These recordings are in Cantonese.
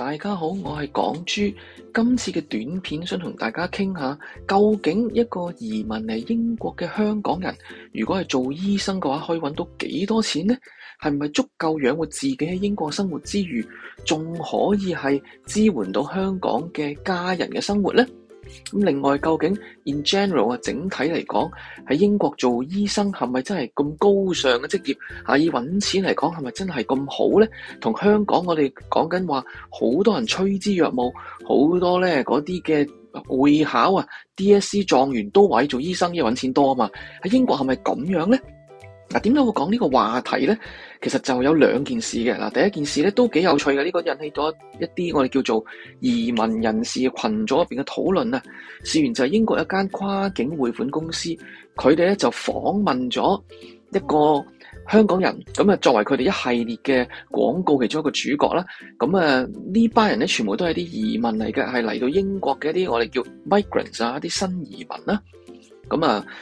大家好，我係港珠。今次嘅短片想同大家傾下，究竟一個移民嚟英國嘅香港人，如果係做醫生嘅話，可以揾到幾多錢呢？係咪足夠養活自己喺英國生活之餘，仲可以係支援到香港嘅家人嘅生活呢？咁另外，究竟 in general 啊，整體嚟講喺英國做醫生係咪真係咁高尚嘅職業？啊，以揾錢嚟講係咪真係咁好咧？同香港我哋講緊話，好多人趨之若鶩，好多咧嗰啲嘅會考啊，DSE 狀元都位做醫生，因為揾錢多啊嘛。喺英國係咪咁樣咧？嗱，點解會講呢個話題咧？其實就有兩件事嘅。嗱，第一件事咧都幾有趣嘅，呢個引起咗一啲我哋叫做移民人士群組入邊嘅討論啊。事源就係英國一間跨境匯款公司，佢哋咧就訪問咗一個香港人，咁啊作為佢哋一系列嘅廣告其中一個主角啦。咁啊呢班人咧全部都係啲移民嚟嘅，係嚟到英國嘅一啲我哋叫 migrants 啊，一啲新移民啦。咁啊～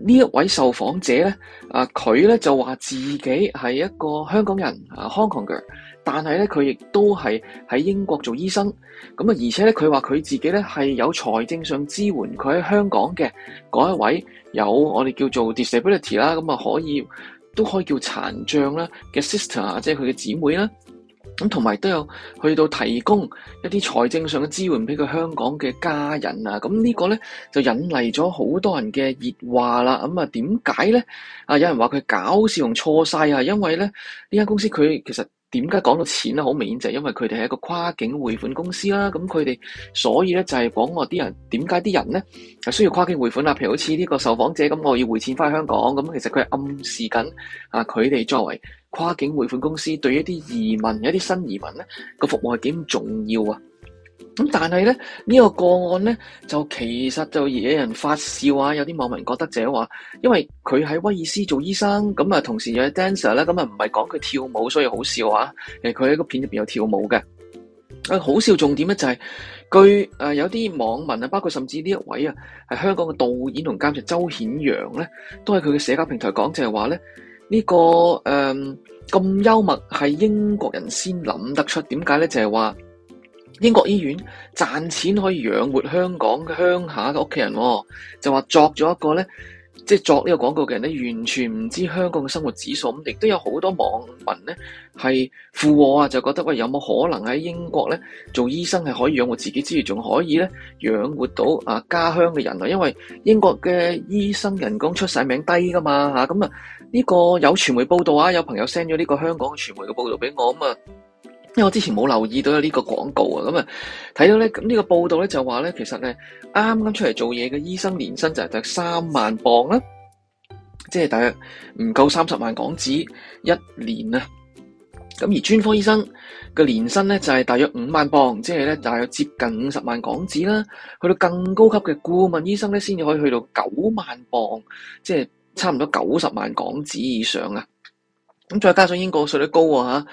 呢一位受訪者咧，啊佢咧就話自己係一個香港人，啊 Hong Konger，但係咧佢亦都係喺英國做醫生，咁啊而且咧佢話佢自己咧係有財政上支援佢喺香港嘅嗰一位有我哋叫做 disability 啦，咁啊可以都可以叫殘障啦嘅 sister 啊，即係佢嘅姊妹啦。咁同埋都有去到提供一啲財政上嘅支援俾佢香港嘅家人啊！咁呢個咧就引嚟咗好多人嘅熱話啦。咁啊，點解咧？啊，有人話佢搞笑同錯晒啊！因為咧，呢間公司佢其實點解講到錢咧，好明顯就係因為佢哋係一個跨境匯款公司啦。咁佢哋所以咧就係講話啲人點解啲人咧係需要跨境匯款啦。譬如好似呢個受訪者咁，我要匯錢翻香港。咁其實佢係暗示緊啊，佢哋作為，跨境匯款公司對一啲移民、一啲新移民咧個服務係點重要啊？咁但係咧呢、呢個個案咧就其實就惹人發笑啊，有啲網民覺得就係話，因為佢喺威爾斯做醫生，咁啊同時又係 dancer 咧，咁啊唔係講佢跳舞，所以好笑啊！誒，佢喺個片入邊有跳舞嘅，啊好笑重點咧就係、是、據誒、呃、有啲網民啊，包括甚至呢一位啊係香港嘅導演同監製周顯揚咧，都係佢嘅社交平台講就係話咧。呢、這個誒咁、嗯、幽默係英國人先諗得出，點解呢？就係、是、話英國醫院賺錢可以養活香港鄉下嘅屋企人喎，哦，就話作咗一個呢，即係作呢個廣告嘅人呢，完全唔知香港嘅生活指數，咁亦都有好多網民呢，係附和啊，就覺得喂，有冇可能喺英國呢做醫生係可以養活自己之餘，仲可以呢養活到啊家鄉嘅人啊，因為英國嘅醫生人工出曬名低噶嘛嚇，咁啊～呢、這個有傳媒報道啊，有朋友 send 咗呢個香港傳媒嘅報道俾我，咁啊，因為我之前冇留意到有呢個廣告啊，咁啊，睇到咧，咁、這、呢個報道咧就話咧，其實咧，啱啱出嚟做嘢嘅醫生年薪就係大約三萬磅啦，即係大約唔夠三十萬港紙一年啊，咁而專科醫生嘅年薪咧就係大約五萬磅，即係咧大約接近五十萬港紙啦，去到更高級嘅顧問醫生咧先至可以去到九萬磅，即係。差唔多九十萬港紙以上啊！咁再加上英國稅率高啊，吓，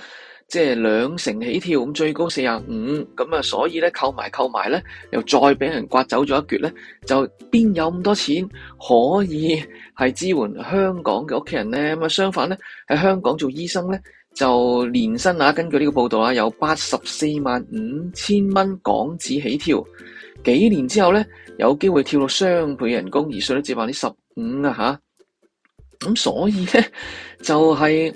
即係兩成起跳，咁最高四十五，咁啊，所以咧，扣埋扣埋咧，又再俾人刮走咗一橛咧，就邊有咁多錢可以係支援香港嘅屋企人咧？咁啊，相反咧，喺香港做醫生咧，就年薪啊，根據呢個報道啊，有八十四萬五千蚊港紙起跳，幾年之後咧，有機會跳到雙倍人工，而稅率至百分之十五啊，吓。咁所以咧，就係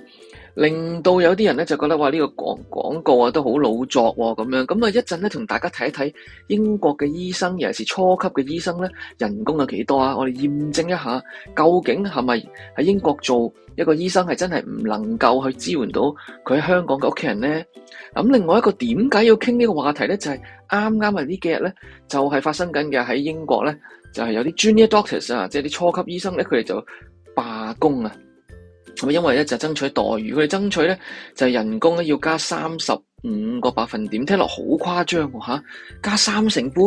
令到有啲人咧就覺得哇，呢個廣廣告啊都好老作喎咁樣，咁啊，一陣咧同大家睇一睇英國嘅醫生，尤其是初級嘅醫生咧，人工有幾多啊？我哋驗證一下，究竟係咪喺英國做一個醫生係真係唔能夠去支援到佢喺香港嘅屋企人咧？咁另外一個點解要傾呢個話題咧？就係啱啱啊，呢幾日咧就係發生緊嘅喺英國咧，就係有啲 Junior Doctors 啊，即係啲初級醫生咧，佢哋就。罷工啊！咁因為咧就係、爭取待遇，佢哋爭取咧就係、人工咧要加三十五個百分點，聽落好誇張吓，加三成半。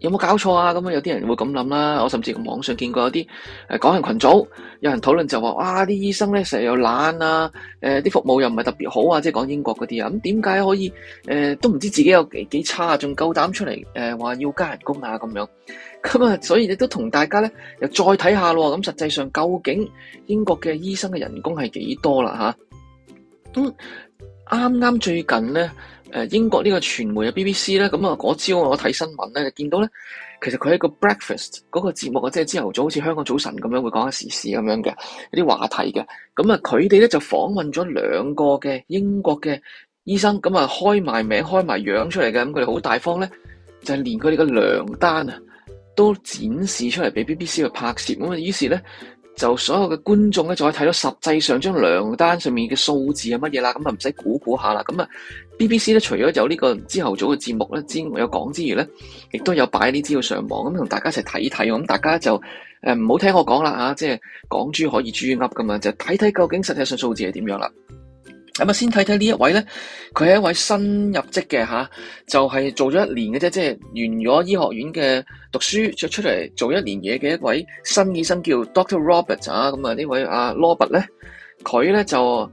有冇搞錯啊？咁啊，有啲人會咁諗啦。我甚至網上見過有啲誒，港、呃、人群組有人討論就話，哇、啊，啲醫生咧成日又懶啊，誒、呃，啲服務又唔係特別好啊，即係講英國嗰啲啊。咁點解可以誒、呃，都唔知自己有幾幾差夠膽、呃、啊？仲夠膽出嚟誒，話要加人工啊咁樣。咁啊，所以亦都同大家咧又再睇下咯。咁實際上究竟英國嘅醫生嘅人工係幾多啦？吓、嗯，咁啱啱最近咧。誒，英國呢個傳媒嘅 BBC 咧，咁啊嗰朝我睇新聞咧，見到咧，其實佢喺一個 Breakfast 嗰個節目啊，即係朝頭早好似香港早晨咁樣會講下時事咁樣嘅一啲話題嘅。咁啊，佢哋咧就訪問咗兩個嘅英國嘅醫生，咁啊開埋名開埋樣出嚟嘅，咁佢哋好大方咧，就係、是、連佢哋嘅糧單啊都展示出嚟俾 BBC 去拍攝。咁啊，於是咧就所有嘅觀眾咧就可以睇到實際上張糧單上面嘅數字係乜嘢啦，咁啊唔使估估下啦，咁啊～BBC 咧，除咗有呢個朝頭早嘅節目咧，之有講之餘咧，亦都有擺啲資料上網咁，同大家一齊睇睇。咁大家就誒唔好聽我講啦嚇，即係講豬可以豬噏咁啊，就睇睇究竟實際上數字係點樣啦。咁啊，先睇睇呢一位咧，佢係一位新入職嘅吓、啊，就係、是、做咗一年嘅啫，即係完咗醫學院嘅讀書，出出嚟做一年嘢嘅一位新醫生，叫 Doctor Robert 啊。咁啊，Robert、呢位阿 Robert 咧，佢咧就，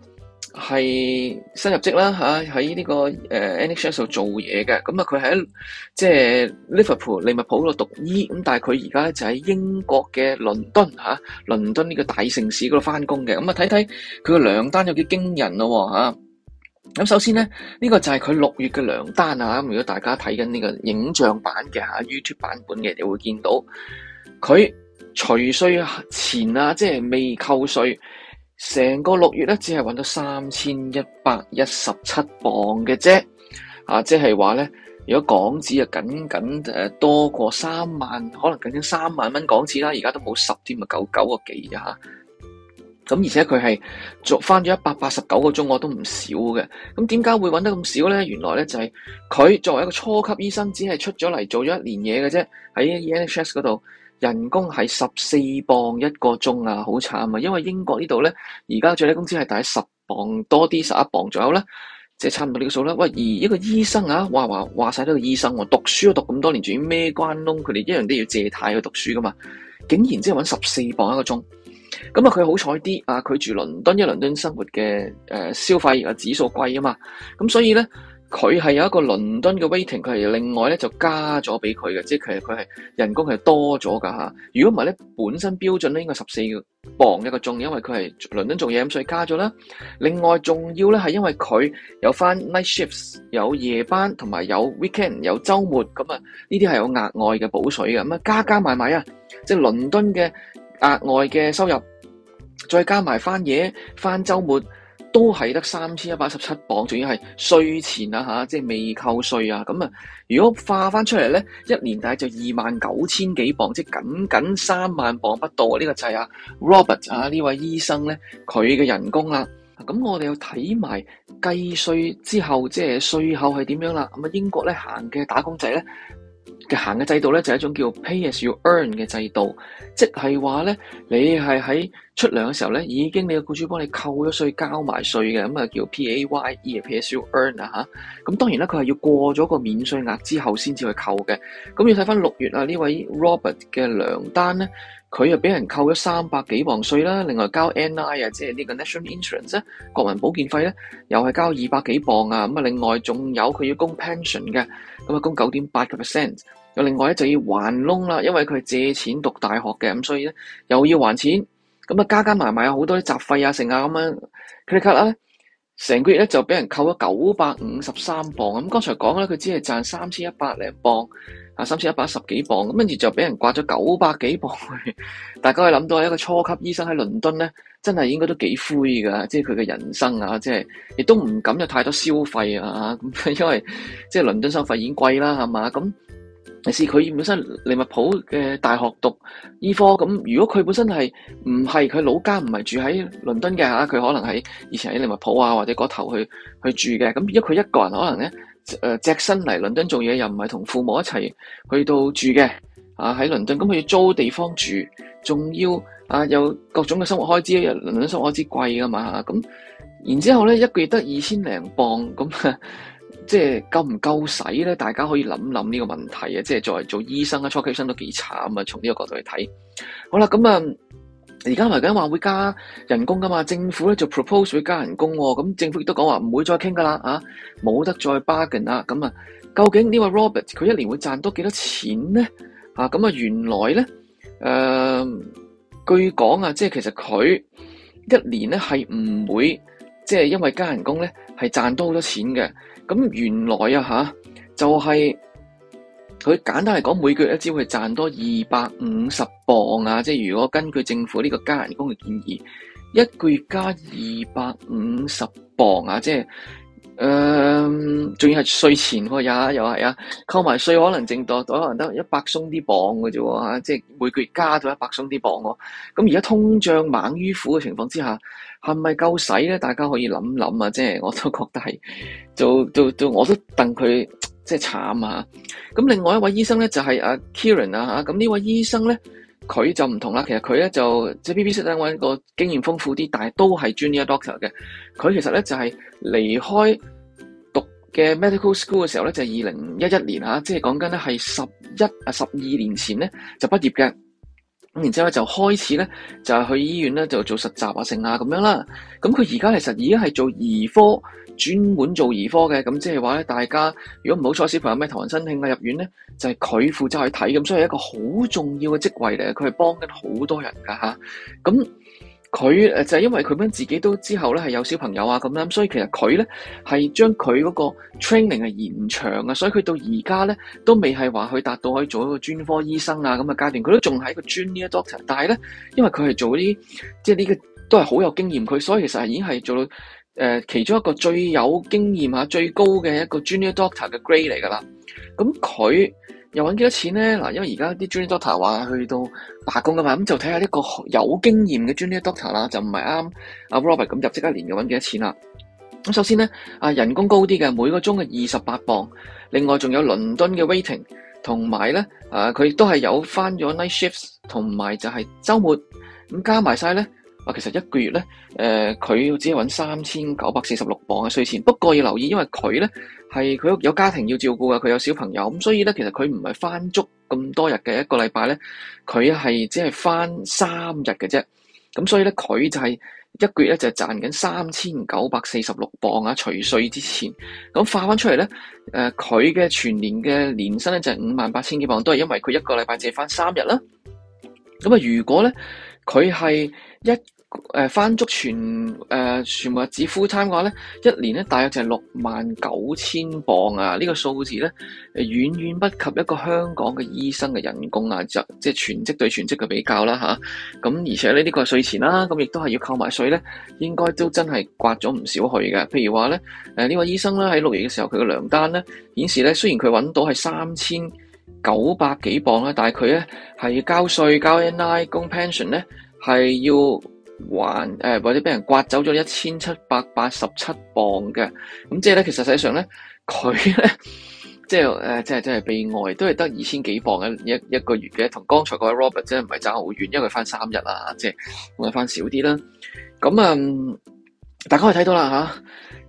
係新入職啦，喺呢、這個誒、呃、NHS 度做嘢嘅。咁啊佢喺即係 Liverpool 利物浦度讀醫，咁但係佢而家咧就喺英國嘅倫敦嚇、啊，倫敦呢個大城市嗰度翻工嘅，咁啊睇睇佢嘅糧單有幾驚人咯、啊、嚇。咁、啊、首先咧，呢、這個就係佢六月嘅糧單啊，咁如果大家睇緊呢個影像版嘅嚇、啊、YouTube 版本嘅，你就會見到佢除稅前啊，即係未扣稅。成個六月咧，只係搵到三千一百一十七磅嘅啫，啊，即係話咧，如果港紙啊，僅僅誒多過三萬，可能僅僅三萬蚊港紙啦，而家都冇十添啊，九九個幾吓。咁而且佢係做翻咗一百八十九個鐘，我都唔少嘅。咁點解會搵得咁少咧？原來咧就係、是、佢作為一個初級醫生，只係出咗嚟做咗一年嘢嘅啫。喺 NHS 嗰度，人工係十四磅一個鐘啊，好慘啊！因為英國呢度咧，而家最低工資係大概十磅多啲十一11磅左右咧，即、就、係、是、差唔多呢個數啦。喂，而一個醫生啊，話話話曬都係醫生喎，啊，讀書都讀咁多年，仲要咩關窿？佢哋一樣都要借貸去讀書噶嘛，竟然先揾十四磅一個鐘。咁、嗯、啊，佢好彩啲啊，佢住倫敦，因為倫敦生活嘅誒、呃、消費啊指數貴啊嘛，咁、嗯、所以咧。佢係有一個倫敦嘅 waiting，佢係另外咧就加咗俾佢嘅，即係其實佢係人工係多咗噶嚇。如果唔係咧，本身標準咧應該十四磅一個鐘，因為佢係倫敦做嘢，所以加咗啦。另外仲要咧係因為佢有翻 night shifts，有夜班同埋有 weekend，有週末咁啊，呢啲係有額外嘅補水嘅咁啊，加加埋埋啊，即係倫敦嘅額外嘅收入，再加埋翻夜翻週末。都係得三千一百一十七磅，仲要係稅前啊吓，即係未扣稅啊。咁啊，如果化翻出嚟咧，一年大就二萬九千幾磅，即係僅僅三萬磅不到啊！呢、呢個就係啊，Robert 啊呢位醫生咧，佢嘅人工啦。咁、嗯、我哋要睇埋計稅之後，即係稅後係點樣啦。咁啊，英國咧行嘅打工仔咧，行嘅制度咧就係、是、一種叫 pay as you earn 嘅制度，即係話咧你係喺出糧嘅時候咧已經你嘅僱主幫你扣咗稅交埋稅嘅，咁啊叫 pay, pay as you earn 啊吓，咁當然啦，佢係要過咗個免稅額之後先至去扣嘅，咁要睇翻六月啊呢位 Robert 嘅糧單咧。佢又俾人扣咗三百幾磅稅啦，另外交 NI 啊，即係呢個 National Insurance 啊，國民保健費咧，又係交二百幾磅啊，咁啊，另外仲有佢要供 pension 嘅，咁啊供九點八個 percent，咁另外咧就要還窿啦，因為佢借錢讀大學嘅，咁所以咧又要還錢，咁啊加加埋埋有好多啲雜費啊剩啊咁樣，佢哋卡拉咧成個月咧就俾人扣咗九百五十三磅，咁剛才講咧佢只係賺三千一百零磅。啊，三千一百一十幾磅咁，跟住就俾人掛咗九百幾磅去。大家可以諗到一個初級醫生喺倫敦咧，真係應該都幾灰㗎，即係佢嘅人生啊，即係亦都唔敢有太多消費啊，咁因為即係倫敦消費已經貴啦，係嘛咁。尤其是佢本身利物浦嘅大學讀醫科，咁如果佢本身係唔係佢老家唔係住喺倫敦嘅嚇，佢可能喺以前喺利物浦啊或者嗰頭去去住嘅，咁如果佢一個人可能咧。誒、呃，隻身嚟倫敦做嘢，又唔係同父母一齊去到住嘅，啊喺倫敦咁佢要租地方住，仲要啊有各種嘅生活開支，倫敦生活開支貴噶嘛，咁然之後咧一個月得二千零鎊，咁、啊、即係夠唔夠使咧？大家可以諗諗呢個問題啊，即係作爲做醫生啊，初級醫生都幾慘啊，從呢個角度去睇，好啦，咁、嗯、啊。而家嚟緊話會加人工噶嘛？政府咧就 propose 會加人工，咁政府亦都講話唔會再傾噶啦，冇得再 bargain 啦。咁啊，究竟呢位 Robert 佢一年會賺多幾多錢咧？啊，咁啊，原來咧，誒，據講啊，即係其實佢一年咧係唔會，即係因為加人工咧係賺多好多錢嘅。咁原來啊吓，就係。佢簡單嚟講，每個月一招會賺多二百五十磅啊！即係如果根據政府呢個加人工嘅建議，一個月加二百五十磅啊！即係，嗯、呃，仲要係稅前個、啊、也又係啊，扣埋稅可能淨多，可能得一百鬆啲磅嘅啫喎。即係每個月加咗一百鬆啲磅喎、啊。咁而家通脹猛於虎嘅情況之下，係咪夠使咧？大家可以諗諗啊！即係我都覺得係就就就，我都戥佢。即係慘啊！咁另外一位醫生咧，就係阿 Kieran 啊吓，咁呢位醫生咧，佢就唔同啦，其實佢咧就即係 B B 識得我一個經驗豐富啲，但係都係 junior doctor 嘅。佢其實咧就係離開讀嘅 medical school 嘅時候咧就係二零一一年吓、啊，即係講緊咧係十一啊十二年前咧就畢業嘅。咁然之後就開始咧就係去醫院咧就做實習啊成啊咁樣啦。咁佢而家其實已經係做兒科，專門做兒科嘅，咁即係話咧，大家如果唔好彩，小朋友咩突然申慶啊入院咧，就係佢負責去睇，咁所以一個好重要嘅職位嚟，佢係幫緊好多人噶吓。咁佢誒就係、是、因為佢本身自己都之後咧係有小朋友啊咁啦，所以其實佢咧係將佢嗰個 training 係延長啊，所以佢到而家咧都未係話佢達到可以做一個專科醫生啊咁嘅階段，佢都仲係一個 junior doctor。但係咧，因為佢係做啲即係呢個都係好有經驗，佢所以其實係已經係做到。誒，其中一個最有經驗吓、最高嘅一個 Junior Doctor 嘅 Grade 嚟噶啦，咁佢又搵幾多錢咧？嗱，因為而家啲 Junior Doctor 話去到罷工噶嘛，咁就睇下呢個有經驗嘅 Junior Doctor 啦，就唔係啱阿 Robert 咁入職一年又搵幾多錢啦。咁首先咧，啊人工高啲嘅，每個鐘嘅二十八磅，另外仲有倫敦嘅 weighting，同埋咧，誒佢亦都係有翻咗 night shifts，同埋就係週末，咁加埋晒咧。啊，其實一個月咧，誒、呃，佢要只係揾三千九百四十六磅嘅稅前。不過要留意，因為佢咧係佢有家庭要照顧呀，佢有小朋友，咁所以咧，其實佢唔係翻足咁多日嘅一個禮拜咧，佢係只係翻三日嘅啫。咁所以咧，佢就係一個月咧就係、是、賺緊三千九百四十六磅啊，除稅之前。咁化翻出嚟咧，誒、呃，佢嘅全年嘅年薪咧就係五萬八千幾磅，都係因為佢一個禮拜只係翻三日啦。咁啊，如果咧，佢係一誒、呃、翻足全誒、呃、全部係只夫餐嘅話咧，一年咧大約就係六萬九千磅啊！呢、這個數字咧誒，遠遠不及一個香港嘅醫生嘅人工啊！就即係全職對全職嘅比較啦、啊、咁、啊、而且呢，呢、這個係稅前啦，咁亦都係要扣埋稅咧，應該都真係刮咗唔少去嘅。譬如話咧，呢、呃、位、這個、醫生咧喺六月嘅時候單呢，佢嘅糧單咧顯示咧，雖然佢揾到係三千。九百幾磅啦，但係佢咧係要交稅、交 N I 供 pension 咧，係要還誒、呃、或者俾人刮走咗一千七百八十七磅嘅，咁即係咧，其實實際上咧佢咧即係誒，即係即係悲哀，都係得二千幾磅嘅一一個月嘅，同剛才嗰位 Robert 即係唔係爭好遠，因為佢翻三日啦，即係可能翻少啲啦。咁啊、嗯，大家可以睇到啦吓、啊，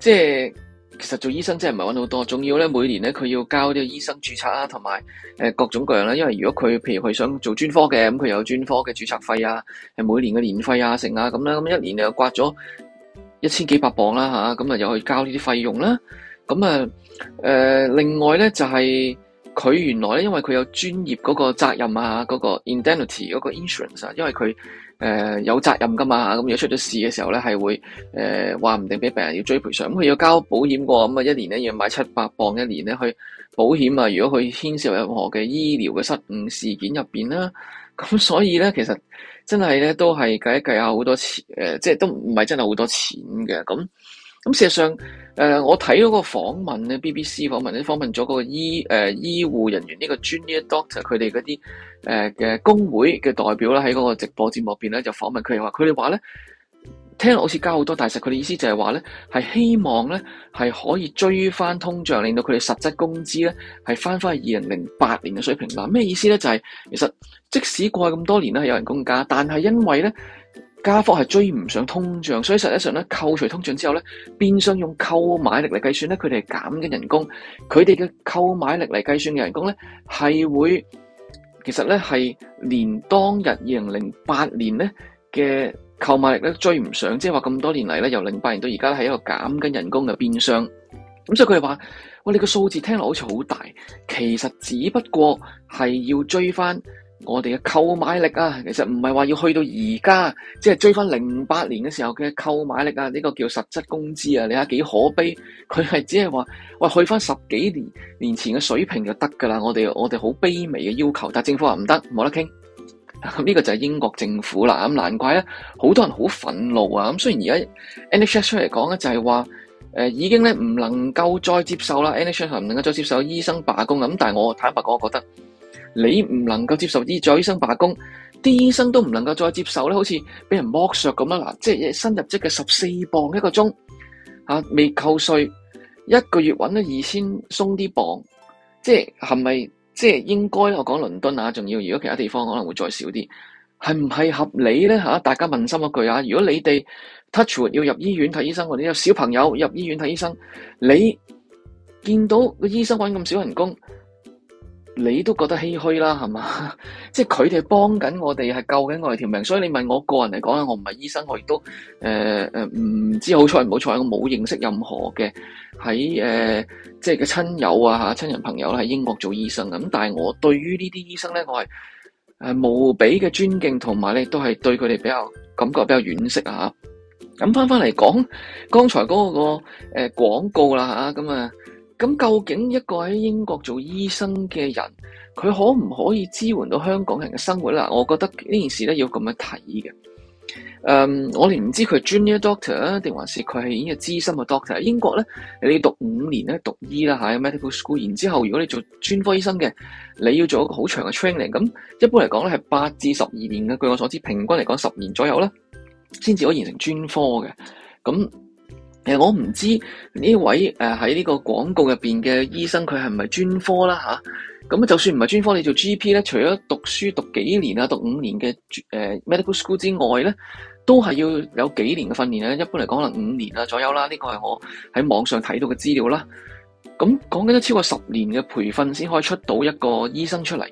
即係。其實做醫生真係唔係搵好多，仲要咧每年咧佢要交啲醫生注冊啊，同埋誒各種各樣啦。因為如果佢譬如佢想做專科嘅，咁佢有專科嘅注冊費啊，係每年嘅年費啊，剩啊咁啦，咁一年又刮咗一千幾百磅啦吓，咁啊又去交呢啲費用啦，咁啊誒另外咧就係、是。佢原來咧，因為佢有專業嗰個責任啊，嗰、嗰個 indemnity 嗰個 insurance 啊，因為佢誒、呃、有責任噶嘛，咁如果出咗事嘅時候咧，係會誒話唔定俾病人要追賠償，咁佢要交保險喎，咁啊一年咧要買七百磅一年咧去保險啊，如果佢牽涉任何嘅醫療嘅失誤事件入面啦，咁所以咧其實真係咧都係計一計下好多錢，誒、呃，即係都唔係真係好多錢嘅咁。咁事實上，誒我睇嗰個訪問咧，BBC 訪問咧，訪問咗個個醫醫、呃、醫護人員呢、呢個專業 doctor，佢哋嗰啲誒嘅工會嘅代表咧，喺嗰個直播節目入邊咧，就訪問佢哋話，佢哋話咧，聽落好似加好多，但係其實佢哋意思就係話咧，係希望咧係可以追翻通脹，令到佢哋實質工資咧係翻翻去二零零八年嘅水平。啦咩意思咧？就係、是、其實即使過去咁多年咧，有人工加，但係因為咧。加幅係追唔上通脹，所以實際上咧扣除通脹之後咧，變相用購買力嚟計算咧，佢哋係減緊人工。佢哋嘅購買力嚟計算嘅人工咧，係會其實咧係連當日二零零八年咧嘅購買力咧追唔上，即係話咁多年嚟咧由零八年到而家咧係一個減緊人工嘅變相。咁所以佢哋話：我哋個數字聽落好似好大，其實只不過係要追翻。我哋嘅購買力啊，其實唔係話要去到而家，即係追翻零八年嘅時候嘅購買力啊，呢個叫實質工資啊，你睇下幾可悲。佢係只係話，喂，去翻十幾年年前嘅水平就得噶啦。我哋我哋好卑微嘅要求，但係政府話唔得，冇得傾。呢個就係英國政府啦，咁難怪咧，好多人好憤怒啊。咁雖然而家，NHS 出嚟講咧就係話，誒已經咧唔能夠再接受啦，NHS 唔能夠再接受醫生罷工。咁但係我坦白講，我覺得。你唔能夠接受啲在醫生罷工，啲醫生都唔能夠再接受咧，好似俾人剝削咁樣。嗱，即係新入職嘅十四磅一個鐘，未扣稅，一個月搵咗二千鬆啲磅，即係係咪即係應該？我講倫敦啊，仲要如果其他地方可能會再少啲，係唔係合理咧？吓，大家問心一句啊，如果你哋 touch wood, 要入醫院睇醫生，或者有小朋友入醫院睇醫生，你見到個醫生搵咁少人工？你都覺得唏噓啦，係嘛？即係佢哋幫緊我哋，係救緊我哋條命，所以你問我個人嚟講咧，我唔係醫生，我亦都誒誒唔知好彩唔好彩，我冇認識任何嘅喺誒即係嘅親友啊嚇親人朋友咧喺英國做醫生咁，但係我對於呢啲醫生咧，我係誒無比嘅尊敬同埋咧，都係對佢哋比較感覺比較惋惜啊，咁翻翻嚟講，剛才嗰個廣告啦咁啊～、嗯咁究竟一個喺英國做醫生嘅人，佢可唔可以支援到香港人嘅生活啦？我覺得呢件事咧，要咁樣睇嘅。誒，um，我哋唔知佢係 junior doctor 啊，定還是佢係已經係資深嘅 doctor。英國咧，你要讀五年咧讀醫啦吓，medical school，然之後如果你做專科醫生嘅，你要做一個好長嘅 training。咁一般嚟講咧係八至十二年嘅，據我所知，平均嚟講十年左右啦，先至可以完成專科嘅。咁呃、我唔知呢位誒喺呢個廣告入面嘅醫生佢係唔係專科啦，咁、啊、就算唔係專科，你做 GP 咧，除咗讀書讀幾年啊、讀五年嘅、呃、medical school 之外咧，都係要有幾年嘅訓練咧。一般嚟講，可能五年啊左右啦，呢、這個係我喺網上睇到嘅資料啦。咁講緊都超過十年嘅培訓先可以出到一個醫生出嚟。誒、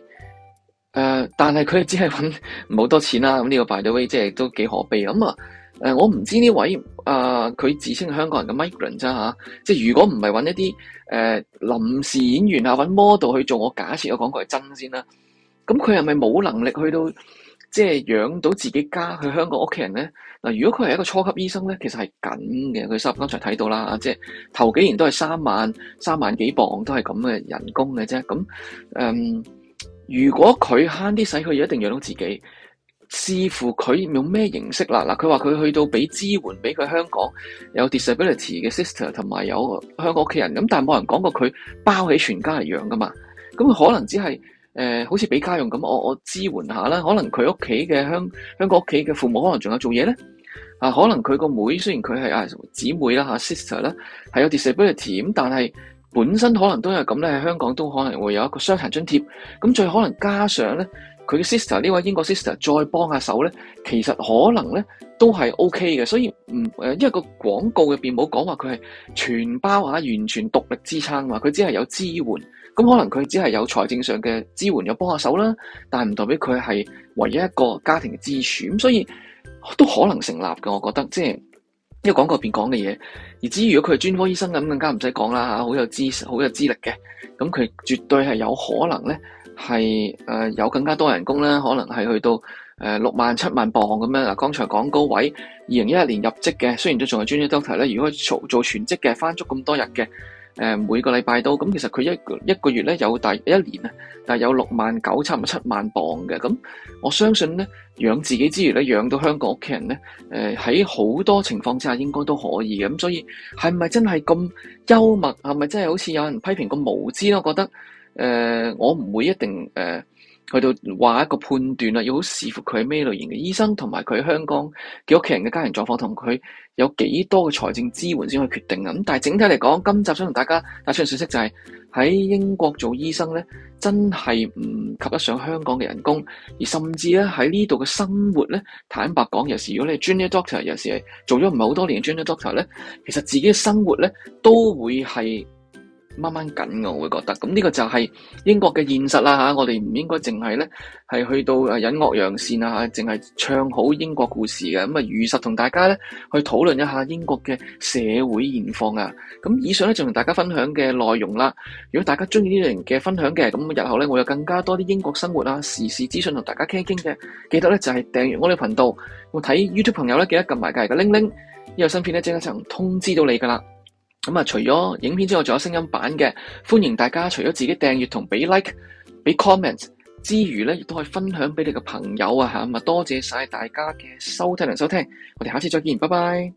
呃，但係佢只係揾唔好多錢啦。咁呢個 by the way，即係都幾可悲。咁、嗯、啊，誒、呃，我唔知呢位。啊、呃、佢自稱香港人嘅 migrant 啫，啊、嚇，即係如果唔係揾一啲誒、呃、臨時演員啊，揾 model 去做我假設嘅廣告係真先啦。咁佢係咪冇能力去到即係養到自己家去香港屋企人咧？嗱、啊，如果佢係一個初級醫生咧，其實係緊嘅。佢收，我剛才睇到啦，即係頭幾年都係三萬、三萬幾磅都係咁嘅人工嘅啫。咁、啊、嗯，如果佢慳啲使，佢一定養到自己。似乎佢用咩形式啦，嗱，佢話佢去到俾支援俾佢香港有 disability 嘅 sister 同埋有香港屋企人，咁但係冇人講過佢包起全家嚟養噶嘛，咁佢可能只係誒、呃、好似俾家用咁，我我支援下啦，可能佢屋企嘅香香港屋企嘅父母可能仲有做嘢咧，啊，可能佢個妹雖然佢係啊姊妹啦吓 sister 啦係有 disability 咁，但係本身可能都係咁咧，喺香港都可能會有一個傷殘津貼，咁最可能加上咧。佢嘅 sister 呢位英國 sister 再幫下手咧，其實可能咧都係 OK 嘅，所以唔誒，因為個廣告入邊冇講話佢係全包啊，完全獨立支撐啊嘛，佢只係有支援，咁可能佢只係有財政上嘅支援，有幫下手啦，但係唔代表佢係唯一一個家庭嘅支柱，咁所以都可能成立嘅，我覺得即係一、這個廣告入邊講嘅嘢，而至於如果佢係專科醫生咁更加唔使講啦吓好有知好有資歷嘅，咁佢絕對係有可能咧。係誒、呃、有更加多人工啦，可能係去到誒、呃、六萬七萬磅咁樣嗱。剛才講嗰位，二零一一年入職嘅，雖然都仲係 Junior doctor 咧，如果做做全職嘅，翻足咁多日嘅，誒、呃、每個禮拜都咁、嗯，其實佢一個一個月咧有第一年啊，但係有六萬九，差唔多七萬磅嘅。咁、嗯、我相信咧養自己之餘咧養到香港屋企人咧，誒喺好多情況之下應該都可以嘅。咁、嗯、所以係咪真係咁幽默？係咪真係好似有人批評咁無知咧？我覺得。誒、呃，我唔會一定誒、呃、去到話一個判斷啦，要好視乎佢係咩類型嘅醫生，同埋佢香港嘅屋企人嘅家庭狀況，同佢有幾多嘅財政支援先去決定啊。咁但係整體嚟講，今集想同大家帶出嘅信息就係、是、喺英國做醫生咧，真係唔及得上香港嘅人工，而甚至咧喺呢度嘅生活咧，坦白講，有時如果你係 Junior Doctor，有時係做咗唔係好多年嘅 Junior Doctor 咧，其實自己嘅生活咧都會係。慢慢緊，我會覺得，咁呢個就係英國嘅現實啦吓，我哋唔應該淨係咧係去到誒隱惡揚善啊，淨係唱好英國故事嘅咁啊，如實同大家咧去討論一下英國嘅社會現況啊。咁以上咧就同大家分享嘅內容啦。如果大家中意呢類型嘅分享嘅，咁日後咧我有更加多啲英國生活啊時事資訊同大家傾傾嘅，記得咧就係訂閱我哋頻道，我睇 YouTube 朋友咧記得撳埋隔離嘅鈴鈴，呢個新片咧即刻就通知到你噶啦。咁啊，除咗影片之外，仲有聲音版嘅，歡迎大家除咗自己訂閱同俾 like、俾 comment 之餘咧，亦都可以分享俾你嘅朋友啊吓，咁啊，多謝晒大家嘅收聽同收聽，我哋下次再見，拜拜。